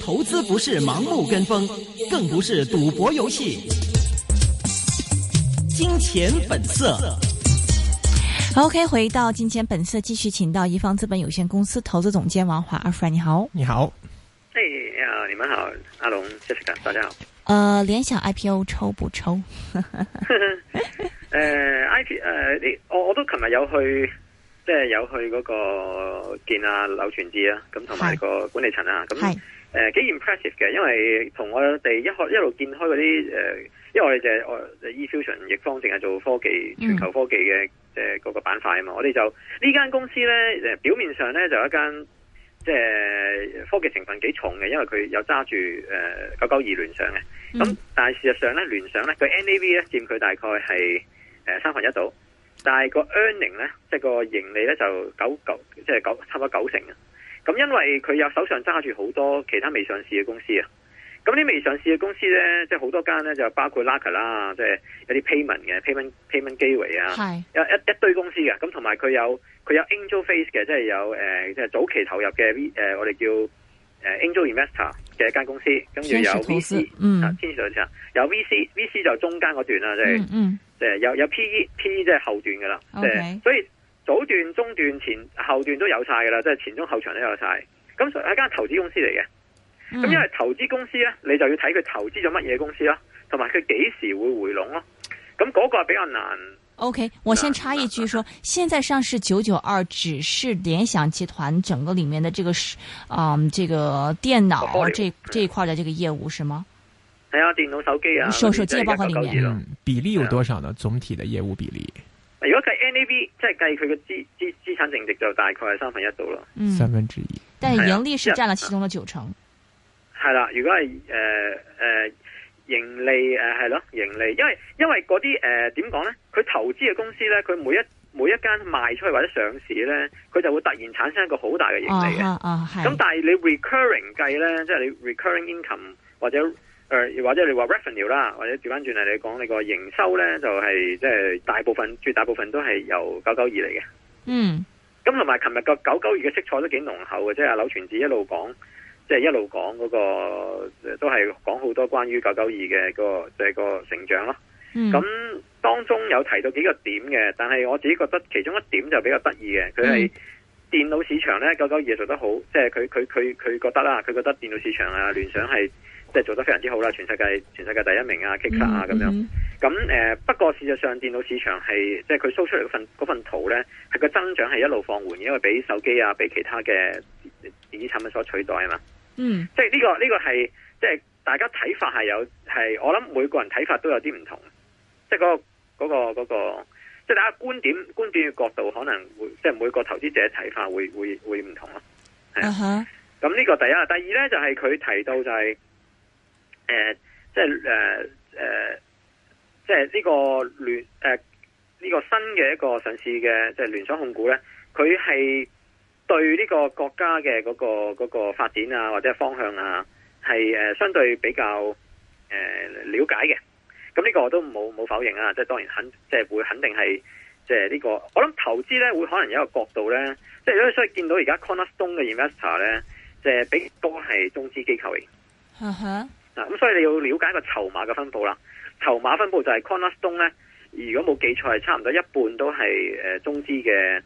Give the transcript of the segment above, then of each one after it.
投資不是盲目跟風，更不是賭博遊戲。金錢本色。OK，回到金錢本色，繼續請到宜方資本有限公司投資總監王華阿 Frank，你好，你好。嘿，你好，你們好，阿龍，謝謝大家好。呃，聯想 IPO 抽不抽？呃，I P 呃，我我都琴日有去。即係有去嗰個見阿柳傳志啊，咁同埋個管理層啊，咁誒幾 impressive 嘅，因為同我哋一開一路見開嗰啲誒，因為我哋就誒 e fusion 易方淨係做科技全球科技嘅即嗰個板塊啊嘛，我哋就呢間公司咧、呃，表面上咧就有一間即係科技成分幾重嘅，因為佢有揸住誒九九二聯想嘅，咁、嗯、但係事實上咧聯想咧佢 NAV 咧佔佢大概係誒、呃、三分一到。但係個 earning 咧，即係個盈利咧，就九九，即係九差唔多九成啊！咁因為佢有手上揸住好多其他未上市嘅公司啊！咁啲未上市嘅公司咧，即係好多間咧，就包括 Laker 啦，即係有啲 payment 嘅 payment payment gateway 啊，有一一堆公司嘅。咁同埋佢有佢有，有 Angel Face 嘅，即係有誒即係早期投入嘅 V 誒、呃，我哋叫誒 Angel Investor 嘅一間公司，跟住有 VC，嗯，啊、天使有 VC，VC VC 就中間嗰段啦，即係嗯。嗯即有有 P E P 即係後段噶啦，即、okay. 係所以早段、中段、前後段都有晒噶啦，即係前中後場都有晒。咁係一間投資公司嚟嘅，咁、mm -hmm. 因為投資公司咧，你就要睇佢投資咗乜嘢公司咯，同埋佢幾時會回籠咯。咁嗰個係比較難。O、okay, K，我先插一句說，說 現在上市九九二，只是聯想集團整個裏面的這個，嗯、呃，這個電腦這這一塊的這個業務是嗎？係啊，電腦、手機啊，手機嘅包括裏面、嗯，比例有多少呢？總體的業務比例？如果計 NAV 即係計佢嘅資資資產淨值就大概係三分一度咯，三分之一。但係盈利是佔了其中的九成。係啦，如果係誒誒盈利誒係咯盈利，因為因為嗰啲誒點講咧？佢、呃、投資嘅公司咧，佢每一每一間賣出去或者上市咧，佢就會突然產生一個好大嘅盈利嘅。咁、啊啊、但係你 recurring 計咧，即係你 recurring income 或者。誒、呃，或者你話 revenue 啦，或者調翻轉嚟，你講，你個營收呢就係即係大部分、絕大部分都係由九九二嚟嘅。嗯。咁同埋，琴日個九九二嘅色彩都幾濃厚嘅，即係阿柳傳志一路講，即、就、係、是、一路講嗰、那個都係講好多關於九九二嘅個即、就是、個成長咯。嗯。咁當中有提到幾個點嘅，但係我自己覺得其中一點就比較得意嘅，佢係電腦市場呢，九九二做得好，即係佢佢佢佢覺得啦、啊，佢覺得電腦市場啊聯想係。即係做得非常之好啦，全世界全世界第一名啊，Kickstar 啊咁樣。咁、mm、誒 -hmm. 呃，不過事實上電腦市場係，即係佢輸出嚟嗰份嗰份圖咧，係個增長係一路放緩，因為俾手機啊，俾其他嘅電子產品所取代啊嘛。嗯、mm -hmm.，即係呢個呢個係，即係大家睇法係有，係我諗每個人睇法都有啲唔同。即係、嗰個嗰、嗰個嗰、嗰個嗰個，即係大家觀點觀點嘅角度，可能會即係每個投資者睇法會會會唔同咯。咁呢、uh -huh. 個第一，第二咧就係、是、佢提到就係、是。誒，即係誒誒，即係呢個聯誒呢個新嘅一個上市嘅，即係聯想控股咧。佢係對呢個國家嘅嗰個嗰個發展啊，或者方向啊，係誒相對比較誒了解嘅。咁呢個我都冇冇否認啊。即係當然肯即係會肯定係即係呢個。我諗投資咧會可能有一個角度咧，即係所以見到而家 Cornerstone 嘅 investor 咧，即係比較多係中資機構。嗯哼。嗱、啊，咁所以你要了解一個籌碼嘅分布啦。籌碼分布就係 concentrated 咧，如果冇記錯係差唔多一半都係誒、呃、中資嘅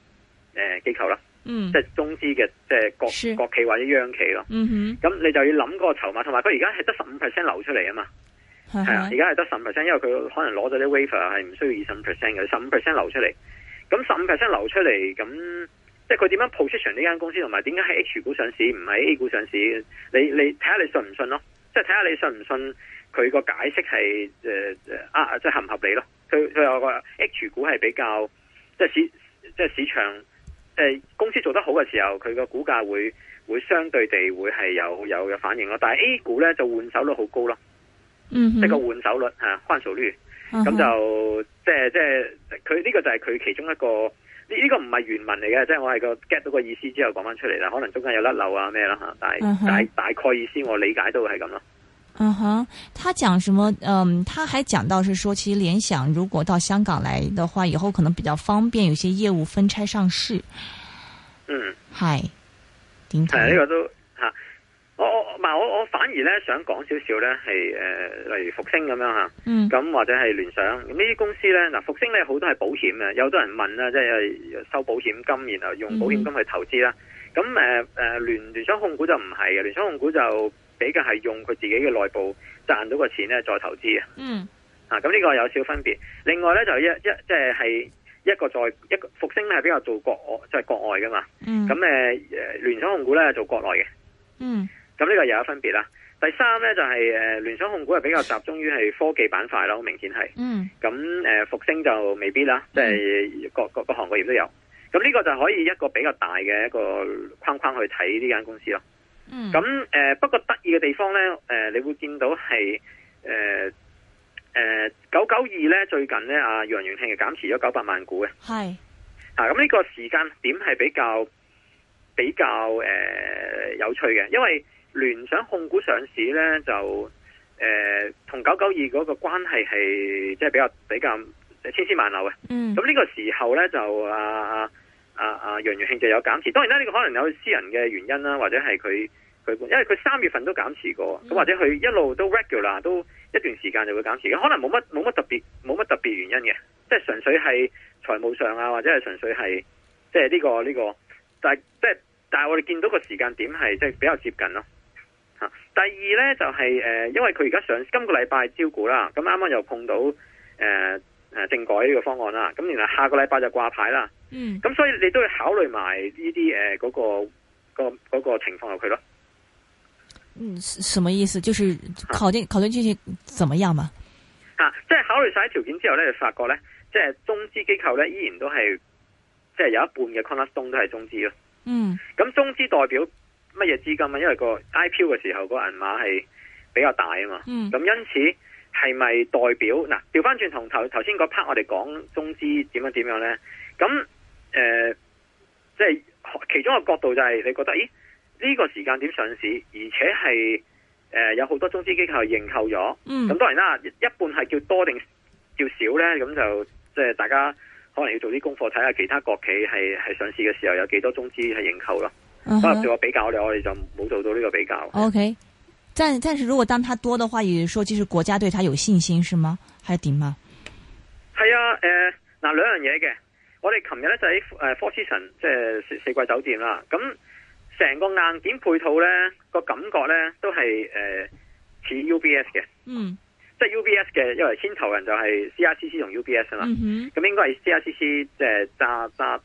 誒機構啦、嗯，即係中資嘅即係國國企或者央企咯。咁、嗯、你就要諗個籌碼，同埋佢而家係得十五 percent 流出嚟啊嘛。係啊，而家係得十五 percent，因為佢可能攞咗啲 waiver 係唔需要二十五 percent 嘅，十五 percent 流出嚟。咁十五 percent 流出嚟，咁即係佢點樣 position 呢間公司，同埋點解喺 H 股上市唔喺 A 股上市？你你睇下你信唔信咯？即係睇下你信唔信佢個解釋係誒誒啊即係、就是、合唔合理咯？佢佢有個 H 股係比較即係、就是、市即係、就是、市場、就是、公司做得好嘅時候，佢個股價會會相對地會係有有有反應咯。但係 A 股咧就換手率好高咯，嗯，即個換手率吓換手率，咁、嗯、就即係即係佢呢個就係佢其中一個。呢、這個唔係原文嚟嘅，即係我係個 get 到個意思之後講翻出嚟啦，可能中間有甩漏啊咩啦吓，但係大、Uh-huh. 大概意思我理解都係咁咯。嗯哼，他講什麼？嗯，他還講到是說，其實聯想如果到香港來的話，以後可能比較方便，有些業務分拆上市。嗯，係。點睇？係呢、這個都。我我，我反而咧想講少少咧，係誒，例如復星咁樣吓，咁、嗯、或者係聯想呢啲公司咧，嗱復星咧好多係保險嘅，有好多人問啦，即係係收保險金，然後用保險金去投資啦。咁誒誒聯聯想控股就唔係嘅，聯想控股就比較係用佢自己嘅內部賺到個錢咧再投資嘅。嗯，啊咁呢個有少分別。另外咧就一一即係係一個在一個復星咧係比較做國即係國外噶嘛，咁誒誒聯想控股咧做國內嘅。嗯。咁呢個又有個分別啦。第三呢，就係、誒呃、聯想控股係比較集中於係科技板塊咯，明顯係。嗯。咁、呃、復星就未必啦，嗯、即係各各各，各行各業都有。咁呢個就可以一個比較大嘅一個框框去睇呢間公司咯。咁、嗯呃、不過得意嘅地方呢、呃，你會見到係誒誒九九二呢。最近呢，啊楊元慶又減持咗九百萬股嘅。咁呢、啊、個時間點係比較比較、呃、有趣嘅，因為聯想控股上市呢，就誒同九九二嗰個關係係即係比較比較千絲萬縷嘅。嗯，咁呢個時候呢，就阿阿楊元慶就有減持。當然啦，呢個可能有私人嘅原因啦，或者係佢佢因為佢三月份都減持過，咁、mm，或者佢一路都 regular 啦，都一段時間就會減持。可能冇乜冇乜特別冇乜特別原因嘅，即係純粹係財務上啊，或者係純粹係即係呢個呢個，但即係但係我哋見到個時間點係即係比較接近咯。第二咧，就係、是、誒、呃，因為佢而家上今個禮拜招股啦，咁啱啱又碰到、誒誒、呃、政改呢個方案啦，咁原來下個禮拜就掛牌啦。嗯，咁所以你都要考慮埋呢啲誒嗰個、那個、那個情況落去咯。嗯，什麼意思？就是考慮、啊、考慮進行怎麼樣嘛、啊？即係考慮晒啲條件之後咧，就發覺咧，即係中資機構咧依然都係即係有一半嘅 concern 都係中資咯。嗯，咁中資代表。乜嘢資金啊？因為個 IPO 嘅時候，個銀碼係比較大啊嘛。咁、mm. 因此係咪代表嗱掉返轉同頭頭先個 part 我哋講中資點樣點樣呢？咁誒，即、呃、係、就是、其中一個角度就係你覺得，咦呢、這個時間點上市，而且係誒、呃、有好多中資機構認購咗。咁、mm. 當然啦，一半係叫多定叫少呢？咁就即係、就是、大家可能要做啲功課，睇下其他國企係係上市嘅時候有幾多中資係認購咯。嗱，對我比較咧，我哋就冇做到呢個比較。O、okay. K，但是但是如果當它多的話，也是說其實國家對它有信心，是嗎？係點啊？係啊，誒，嗱，兩樣嘢嘅，我哋琴日咧就喺誒 Four Seasons 即係四季酒店啦，咁成個硬件配套咧個感覺咧都係誒似 U B S 嘅，嗯，即係 U B S 嘅，因為牽頭人就係 C I C C 同 U B S 啊嘛，咁應該係 C I C C 即係揸揸。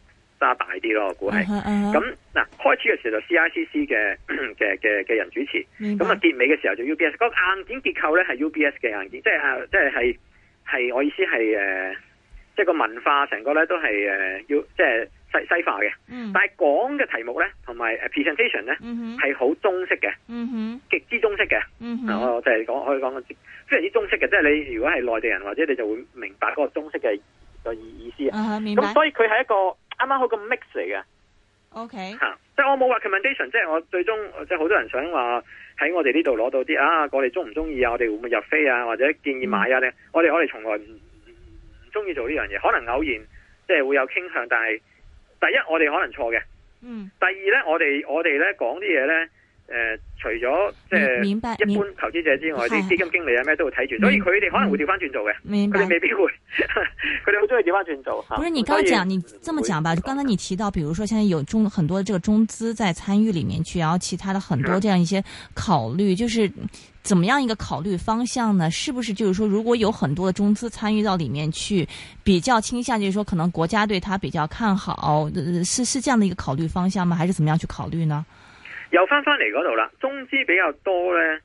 加大啲咯，我估係咁嗱。開始嘅時候就 C I C C 嘅嘅嘅嘅人主持，咁啊結尾嘅時候就 U B S。個硬件結構咧係 U B S 嘅硬件，即係即係係係我意思係誒、呃，即係個文化成個咧都係誒要即係西西化嘅，uh -huh. 但係講嘅題目咧同埋誒 presentation 咧係好中式嘅，極、uh -huh. 之中式嘅、uh -huh. 嗯。我就係講可以講個非常之中式嘅，即係你如果係內地人或者你就會明白嗰個中式嘅嘅意意思咁，、uh -huh, 所以佢係一個。啱啱好，個 mix 嚟嘅。OK，吓，嗯，即係我冇 recommendation，即係我最終，即係好多人想話喺我哋呢度攞到啲啊，我哋中唔中意啊，我哋會唔會入飛啊，或者建議買啊呢，嗯，我哋我哋從來唔唔中意做呢樣嘢，可能偶然即係會有傾向，但係第一我哋可能錯嘅，嗯，第二呢，我哋我哋呢講啲嘢呢。誒、呃，除咗即係一般投資者之外，啲基金經理啊咩都會睇住，所以佢哋可能會調翻轉做嘅。明白佢哋未必會，佢哋好中意調翻轉做。不是、嗯、你剛講，你這麼講吧？剛才你提到，比如說現在有中很多這個中資在參與裡面去，然後其他的很多這樣一些考慮，嗯、就是怎麼樣一個考慮方向呢？是不是就是說，如果有很多的中資參與到裡面去，比較傾向就是說，可能國家對他比較看好，呃、是是這樣的一個考慮方向嗎？還是怎麼樣去考慮呢？又翻翻嚟嗰度啦，中資比較多咧，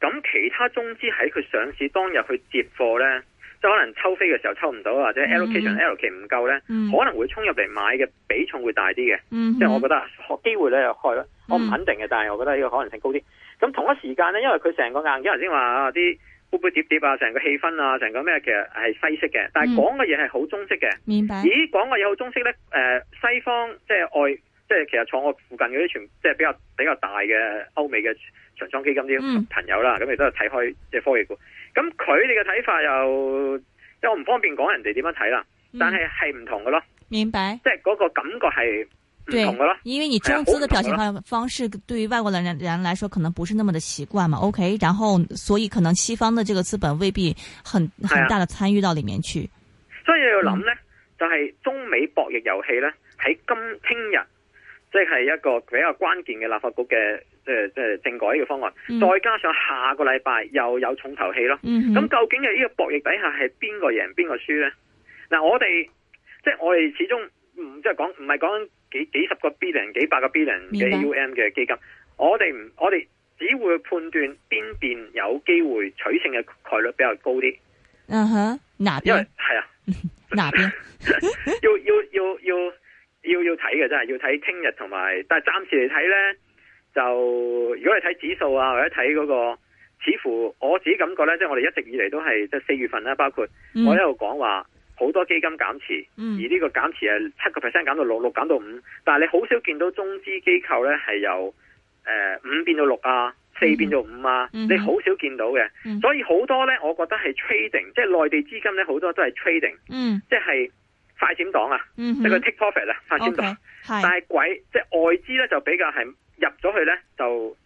咁其他中資喺佢上市當日去接貨咧，就可能抽飛嘅時候抽唔到，或者 allocation、mm -hmm. allocation 唔夠咧，mm -hmm. 可能會衝入嚟買嘅比重會大啲嘅，mm -hmm. 即係我覺得學機會咧又開咯，我唔肯定嘅，但係我覺得呢個可能性高啲。咁同一時間咧，因為佢成個硬件，頭先話啊，啲杯杯碟碟啊，成個氣氛啊，成個咩其實係西式嘅，但係講嘅嘢係好中式嘅。Mm -hmm. 咦，講嘅嘢好中式咧、呃？西方即係外。即係其實坐我附近嗰啲全，即係比較比較大嘅歐美嘅長倉基金啲朋友啦，咁、嗯、亦都係睇開即係科技股。咁佢哋嘅睇法又，即我唔方便講人哋點樣睇啦。但係係唔同嘅咯，明白？即係嗰個感覺係唔同嘅咯。因為你中資嘅表現方方式，對於外國人人人說，可能不是那麼嘅習慣嘛。OK，然後所以可能西方嘅這個資本未必很很大嘅參與到裏面去。所以你要諗咧、嗯，就係、是、中美博弈遊戲咧，喺今聽日。即係一個比較關鍵嘅立法局嘅，即係即係政改嘅方案、嗯，再加上下個禮拜又有重頭戲咯。咁、嗯、究竟係呢個博弈底下係邊個贏邊個輸咧？嗱、啊，我哋即係我哋始終唔即係講，唔係講幾幾十個 billion、幾百個 billion 嘅 um 嘅基金，我哋唔，我哋只會判斷邊邊有機會取勝嘅概率比較高啲。嗯哼，哪邊因為係啊？哪邊要要要要？要要要要要睇嘅真係要睇聽日同埋，但係暫時嚟睇呢，就如果你睇指數啊或者睇嗰個，似乎我自己感覺呢，即係我哋一直以嚟都係即係四月份啦，包括我一路講話好多基金減持，而呢個減持係七個 percent 減到六，六減到五，但係你好少見到中資機構呢，係由誒五變到六啊，四變到五啊，你好少見到嘅，所以好多呢，我覺得係 trading，即係內地資金呢，好多都係 trading，嗯，即係。快閃黨啊，即係個 take profit 啊，快閃黨。Okay, 但係鬼是即係外資咧就比較係入咗去咧就。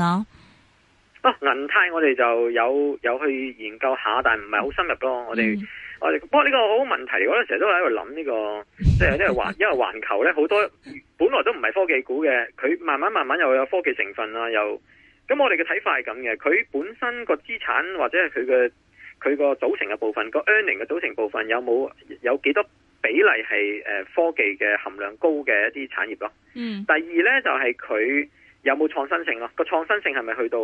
啊！銀、啊、泰我哋就有有去研究下，但係唔係好深入咯。我哋、嗯、我哋不過呢個好問題，我哋成日都喺度諗呢個，即、就、係、是、 因為環因為環球咧好多本來都唔係科技股嘅，佢慢慢慢慢又有科技成分啦、啊，又咁我哋嘅睇法係咁嘅。佢本身個資產或者係佢嘅佢個組成嘅部分個 earning 嘅組成部分有冇有幾多比例係誒、呃、科技嘅含量高嘅一啲產業咯？嗯，第二咧就係、是、佢。有冇創新性咯、啊？個創新性係咪去到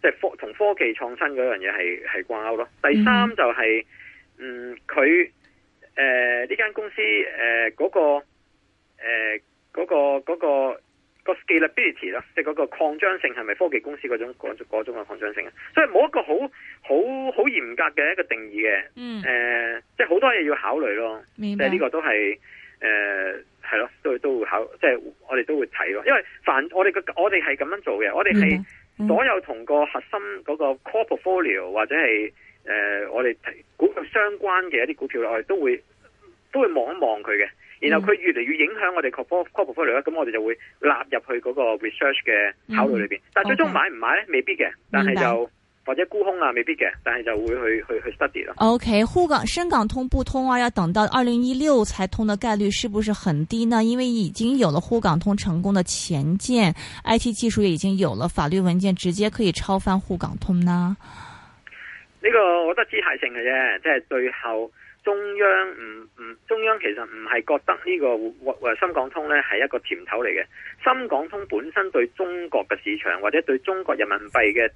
即係科同科技創新嗰樣嘢係係掛鈎咯？第三就係、是、嗯佢誒呢間公司誒嗰、呃嗰個誒、呃嗰個、嗰個、嗰個 scalability 咯，即係嗰個擴張性係咪科技公司嗰種嗰種嘅擴張性啊？所以冇一個好好好嚴格嘅一個定義嘅，嗯誒、呃，即係好多嘢要考慮咯。即係呢個都係。誒、嗯，係咯，都都會考，即係我哋都會睇咯。因為凡我哋嘅，我哋係咁樣做嘅，我哋係所有同個核心嗰個 corporate portfolio 或者係誒、呃，我哋股票相關嘅一啲股票咧，我哋都會都會望一望佢嘅。然後佢越嚟越影響我哋 corporate portfolio 咧，咁我哋就會納入去嗰個 research 嘅考慮裏邊。但最終買唔買咧，未必嘅。但係就。或者沽空啊，未必嘅，但係就會去去去 study 咯。OK，滬港深港通不通啊，要等到二零一六才通的概率是不是很低呢？因為已經有了滬港通成功的前件，IT 技術也已經有了，法律文件直接可以抄翻滬港通呢？呢、這個我覺得姿態性嘅啫，即、就、係、是、最後中央唔唔、嗯嗯，中央其實唔係覺得呢、這個深港通呢係一個甜頭嚟嘅。深港通本身對中國嘅市場或者對中國人民幣嘅。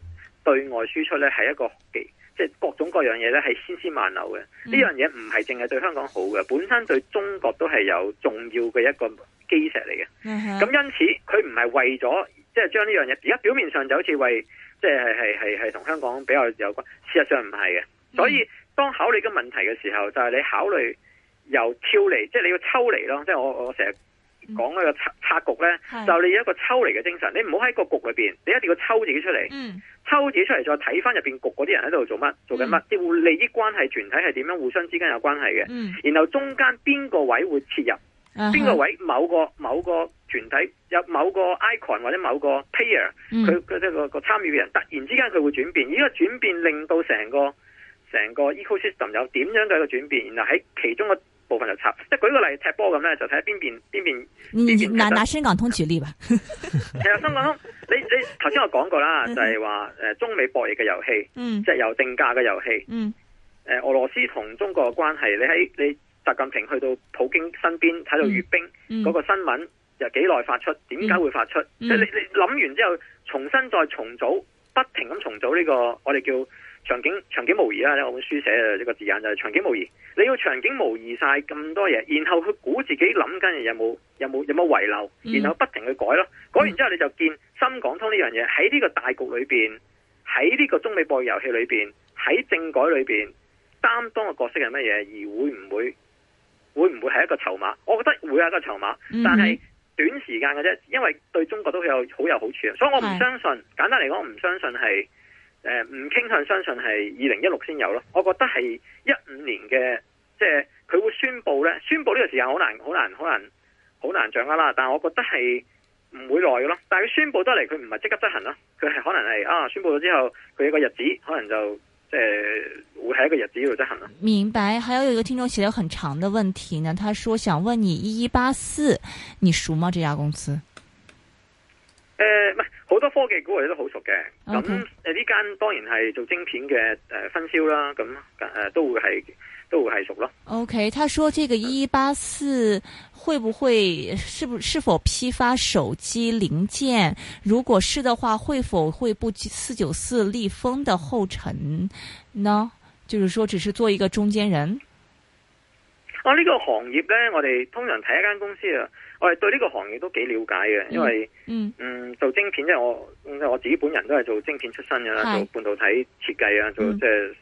對外輸出咧係一個技，即係各種各樣嘢咧係千絲萬縷嘅。呢、mm -hmm. 樣嘢唔係淨係對香港好嘅，本身對中國都係有重要嘅一個基石嚟嘅。咁、mm -hmm. 因此佢唔係為咗即係將呢樣嘢，而家表面上就好似為即係係係係同香港比較有關，事實上唔係嘅。所以當考慮個問題嘅時候，就係、是、你考慮由挑離，即係你要抽離咯。即係我我成日。講、嗯、呢個拆拆局呢，就是，你有一個抽離嘅精神，你唔好喺個局裏邊，你一定要抽自己出嚟，嗯，抽自己出嚟再睇翻入邊局嗰啲人喺度做乜，做緊乜，啲、嗯、利益關係團體係點樣互相之間有關係嘅、嗯。然後中間邊個位會切入，邊、啊、個位某個某個團體，有某個 icon 或者某個 player，佢即個參與嘅人，突然之間佢會轉變，呢個轉變令到成個成個 ecosystem 有點樣嘅一個轉變，然後喺其中個。部分就插，即係舉個例，踢波咁咧，就睇下邊邊邊邊。你拿拿深港通舉例吧。其實深港通，你你頭先我講過啦，就係話誒中美博弈嘅遊戲，嗯，即係有定價嘅遊戲，嗯，誒、呃、俄羅斯同中國嘅關係，你喺你習近平去到普京身邊睇到閱兵嗰、嗯那個新聞又幾耐發出？點解會發出？即、嗯、係、就是、你你諗完之後，重新再重組，不停咁重組呢、這個我哋叫。場景場景模擬啦，我本書寫嘅一個字眼就係、是、場景模擬。你要場景模擬晒咁多嘢，然後佢估自己諗緊有冇有冇有冇遺漏、嗯，然後不停去改咯。改完之後你就見深港通呢樣嘢喺呢個大局裏邊，喺呢個中美博弈遊戲裏邊，喺政改裏邊擔當嘅角色係乜嘢，而會唔會會唔會係一個籌碼？我覺得會有一個籌碼、嗯，但係短時間嘅啫，因為對中國都有好有好處啊。所以我唔相信，簡單嚟講，我唔相信係。誒、呃，唔傾向相信係二零一六先有咯，我覺得係一五年嘅，即係佢會宣布咧，宣布呢個時間好難，好難，好難，好難掌握啦。但係我覺得係唔會耐嘅咯。但係佢宣布得嚟，佢唔係即刻執行咯，佢係可能係啊，宣布咗之後，佢有個日子，可能就即係會喺一個日子度執行咯。明白，還有一個聽眾寫咗很長的問題呢，他說想問你一一八四，你熟嗎？這家公司？誒、呃。好多科技股我哋都好熟嘅，咁誒呢間當然係做晶片嘅誒分銷啦，咁誒、呃、都會係都會係熟咯。O、okay, K，他說這個一一八四會不會是不是否批發手機零件？如果是的話，會否會步四九四利豐的後塵呢？就是說，只是做一個中間人？啊，呢、這個行業咧，我哋通常睇一間公司啊。我哋對呢個行業都幾了解嘅，因為嗯嗯，嗯做晶片咧，因為、我我自己本人都係做晶片出身嘅啦，做半導體設計啊、嗯，做即係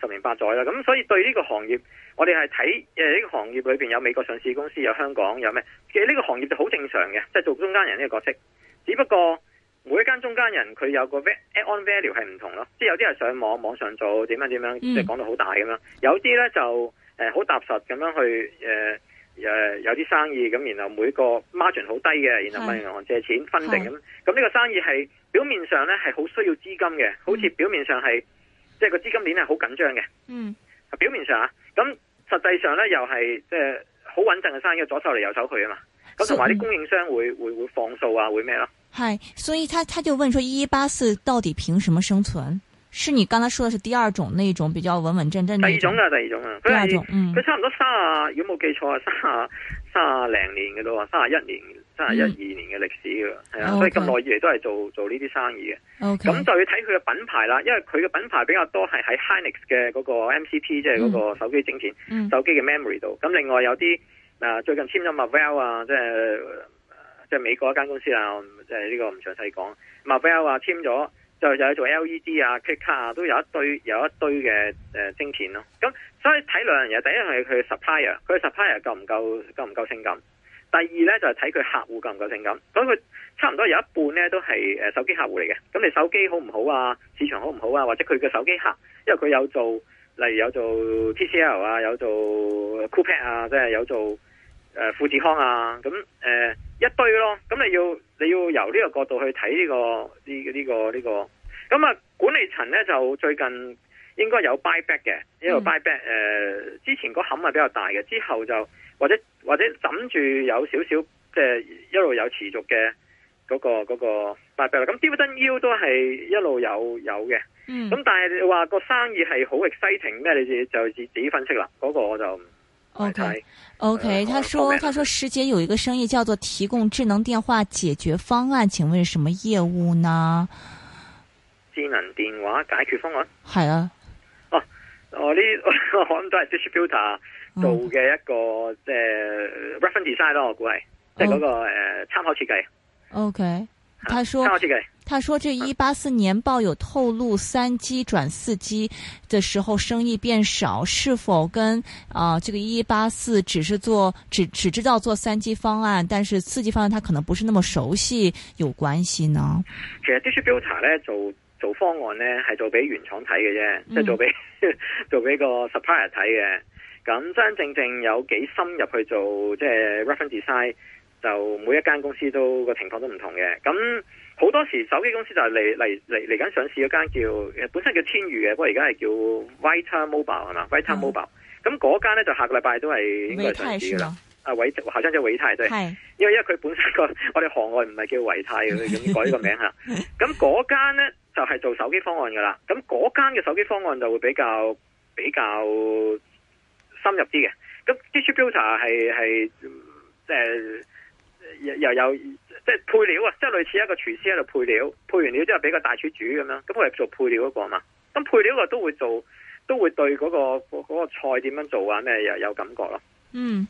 十年八載啦。咁所以對呢個行業，我哋係睇誒呢個行業裏邊有美國上市公司，有香港，有咩，其實呢個行業就好正常嘅，即係做中間人呢個角色。只不過每一間中間人佢有個 add-on value 係唔同咯，即係有啲係上網網上做點樣點樣，即係講到好大咁樣、嗯，有啲咧就誒好踏實咁樣去誒。呃誒，有啲生意咁，然後每個 margin 好低嘅，然後問銀行借錢分定咁。咁呢個生意係表面上咧係好需要資金嘅、嗯，好似表面上係即係個資金鏈係好緊張嘅。嗯，表面上啊，咁實際上咧又係即係好穩陣嘅生意，左手嚟右手去啊嘛。咁同埋啲供應商會會會放數啊，會咩咯？係，所以他他就問說，一一八四到底憑什麼生存？是你剛才說的是第二種，那一種比較穩穩陣陣。第二種啊，第二種啊，佢係佢、嗯、差唔多卅，如果冇記錯 30, 30 31,、嗯、啊，三啊，三啊零年嘅都話，三啊一年、三啊一二年嘅歷史嘅，係啊，所以咁耐以嚟都係做做呢啲生意嘅。咁、okay. 就要睇佢嘅品牌啦，因為佢嘅品牌比較多係喺 Hynix 嘅嗰個 M C P、嗯、即係嗰個手機晶片、嗯、手機嘅 memory 度。咁另外有啲嗱，最近簽咗 Marvel 啊，即係即係美國一間公司啊，即係呢個唔詳細講。Marvel 話、啊、簽咗。就有做 LED 啊、Q 卡，卡啊，都有一堆有一堆嘅誒、呃、晶片咯，啊。咁所以睇兩樣嘢，第一係佢嘅 supplier，佢嘅 supplier 夠唔夠夠唔夠性感？第二咧就係睇佢客戶夠唔夠性感。咁佢差唔多有一半咧都係誒手機客戶嚟嘅。咁你手機好唔好啊？市場好唔好啊？或者佢嘅手機客，因為佢有做，例如有做 TCL 啊，有做 Coolpad 啊、即、就、係、是、有做。誒、呃，富士康啊，咁、嗯、誒、呃、一堆咯，咁、嗯、你要你要由呢個角度去睇呢個呢個呢個呢個，咁、這、啊、個這個這個嗯、管理層咧就最近應該有 buy back 嘅，因為 buy back 誒、呃、之前個坎係比較大嘅，之後就或者或者枕住有少少即係一路有持續嘅嗰、那個嗰、那個 buy back，咁 even though 都係一路有有嘅，咁、嗯嗯嗯、但係你話個生意係好 exciting 咩？你就就自己分析啦，嗰、那個我就。OK，OK，okay, okay, 他、呃、說，他說，他說師姐有一個生意叫做提供智能電話解決方案，請問是什麼業務呢？智能電話解決方案？係啊，啊呵呵、嗯呃 design，那個，哦，我呢可能都係 distributor 做嘅一個即係 reference design 咯，估計即係嗰個誒參考設計。OK。他說：他說，這一八四年報有透露三 G 轉四 G 的時候生意變少，是否跟啊、呃，這個一八四只是做只只知道做三 G 方案，但是四 G 方案他可能不是那麼熟悉有關係呢？其實 distributor 咧做做方案咧係做俾原廠睇嘅啫，即、嗯、係做俾做俾個 supplier 睇嘅。咁真真正正有幾深入去做即係、就是、reference design。就每一間公司都個情況都唔同嘅，咁好多時手機公司就係嚟嚟嚟嚟緊上市嗰間叫，本身叫天宇嘅，不過而家係叫 Vita Mobile 係嘛，Vita Mobile，咁嗰間咧就下個禮拜都係應該上市噶啦。阿偉，下張就維泰啫，係因為因為佢本身個我哋行外唔係叫維泰，佢已經改呢個名吓。咁嗰間咧就係、是、做手機方案噶啦，咁嗰間嘅手機方案就會比較比較深入啲嘅。咁 distributor 係係即係。又又有，有即係配料啊，即係類似一個廚師喺度配料，配完料之後俾個大廚煮咁樣，咁我係做配料嗰個啊嘛，咁配料我都會做，都會對嗰個嗰個菜點樣做啊咩又有感覺咯。嗯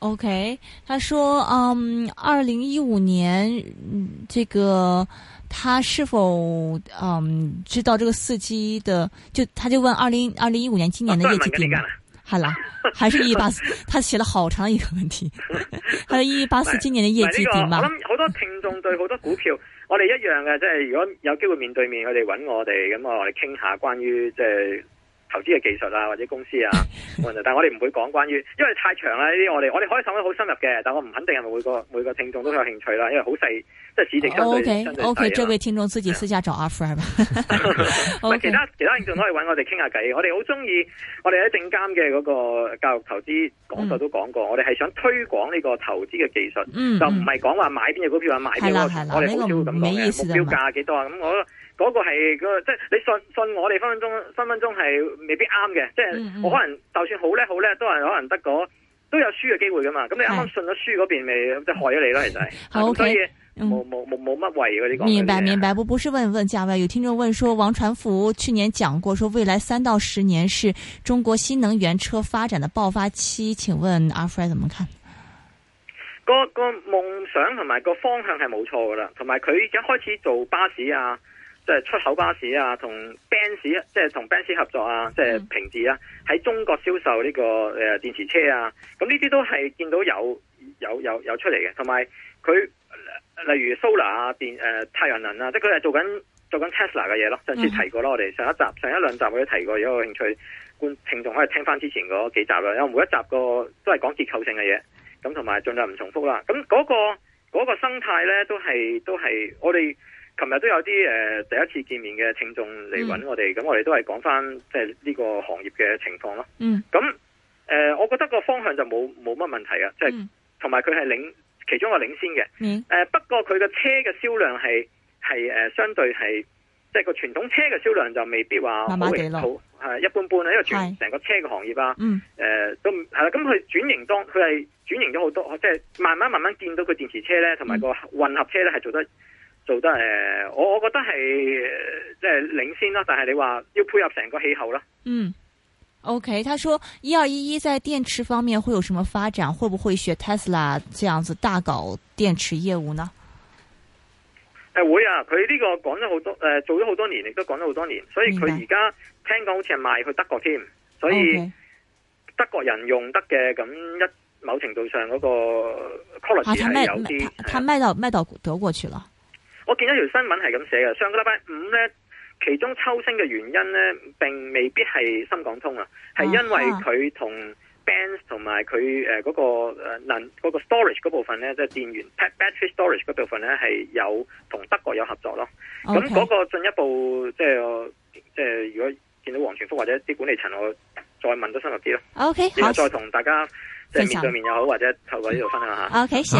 ，OK，他說，嗯，二零一五年，嗯，這個他是否，嗯，知道這個四 G 的，就他就問二零二零一五年今年的業績點。係啦，還是一一八四？他寫了好長一個問題， 還有一一八四今年的業績點嘛？我諗好多聽眾對好多股票， 我哋一樣嘅，即係如果有機會面對面找，佢哋揾我哋，咁我哋傾下關於即係。投資嘅技術啊，或者公司啊， 但係我哋唔會講關於，因為太長啦。呢啲我哋我哋可以講得好深入嘅，但我唔肯定係每個每個聽眾都會有興趣啦。因為好細，即係市值相對。O K O K，呢位聽眾自己私下找阿 Fr。O、okay. 啊 okay. 其他其他聽眾可以揾我哋傾下偈。我哋好中意，我哋喺證監嘅嗰個教育投資講座都講過，我哋係想推廣呢個投資嘅技術、嗯嗯，就唔係講話買邊隻股票啊，買邊個股票。係 我哋個唔好意思目標價幾多啊？咁、嗯、我。嗰、那個係、那個即係你信信我，哋分分鐘分分鐘係未必啱嘅，即係我可能就算好叻好叻，都、嗯、係可能得嗰都有輸嘅機會噶嘛。咁你啱啱信咗輸嗰邊，咪即係害咗你咯，其實。好，所以冇冇冇冇乜謂嗰啲講。明白明白，不不是問問嘉賓。有聽眾問說，王傳福去年講過說，未來三到十年是中國新能源車發展嘅爆發期，請問阿 Fred 怎麼看？那個、那個夢想同埋個方向係冇錯噶啦，同埋佢已經開始做巴士啊。即係出口巴士啊，同 Benz 即係同 Benz 合作啊，即係平治啊，喺中國銷售呢個誒電池車啊，咁呢啲都係見到有有有有出嚟嘅，同埋佢例如 Solar 啊，電誒、呃、太陽能啊，即係佢係做緊做緊 Tesla 嘅嘢咯，上次提過啦，我哋上一集上一兩集我都提過，有一個興趣觀聽眾可以聽翻之前嗰幾集啦，因為每一集個都係講結構性嘅嘢，咁同埋盡量唔重複啦，咁嗰、那個嗰、那個生態咧都係都係我哋。琴日都有啲誒、呃、第一次見面嘅聽眾嚟揾我哋，咁、嗯、我哋都係講翻即係呢個行業嘅情況咯。嗯，咁誒、呃，我覺得個方向就冇冇乜問題啊。即係同埋佢係領其中個領先嘅。嗯，誒、嗯呃、不過佢嘅車嘅銷量係係誒相對係即係個傳統車嘅銷量就未必話慢慢嚟好係一般般啦，因為全成個車嘅行業啊。嗯，呃、都係啦，咁佢轉型當佢係轉型咗好多，即、就、係、是、慢慢慢慢見到佢電池車咧同埋個混合車咧係做得。做得誒，我我覺得係即係領先啦，但係你話要配合成個氣候啦。嗯，OK。他說，一二一一在電池方面會有什麼發展？會不會學 Tesla 這樣子大搞電池業務呢？係會啊，佢呢個講咗好多，誒、呃，做咗好多年，亦都講咗好多年，所以佢而家聽講好似係賣去德國添，所以德國人用得嘅咁一某程度上嗰個 quality 係有啲。他賣到賣到德國去了。我見咗一條新聞係咁寫嘅，上個禮拜五咧，其中抽升嘅原因咧並未必係深港通啊，係因為佢同 Benz 同埋佢嗰個能嗰、呃嗰個、storage 嗰部分咧，即係電源 Pat battery storage 嗰部分咧係有同德國有合作咯。咁、okay. 嗰個進一步即係即係如果見到王傳福或者啲管理層，我再問多深入啲咯。O K，然後再同大家對面對面又好，或者透過呢度分享下。O、okay. K，、yeah.